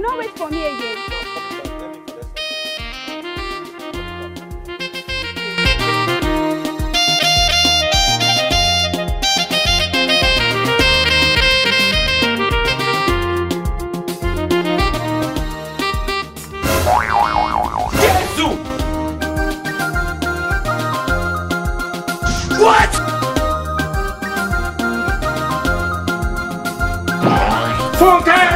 will not wait for me again. Funke!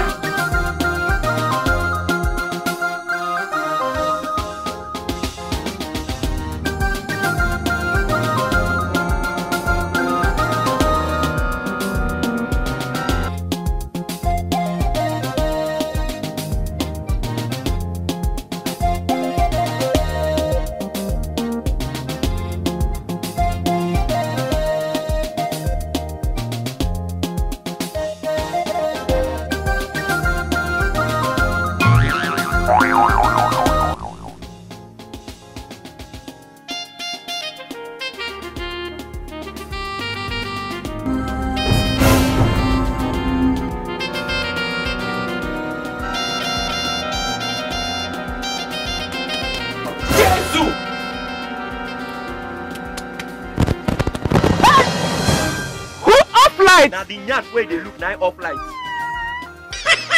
light na the nyash wey dey look na off light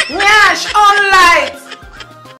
nyash on light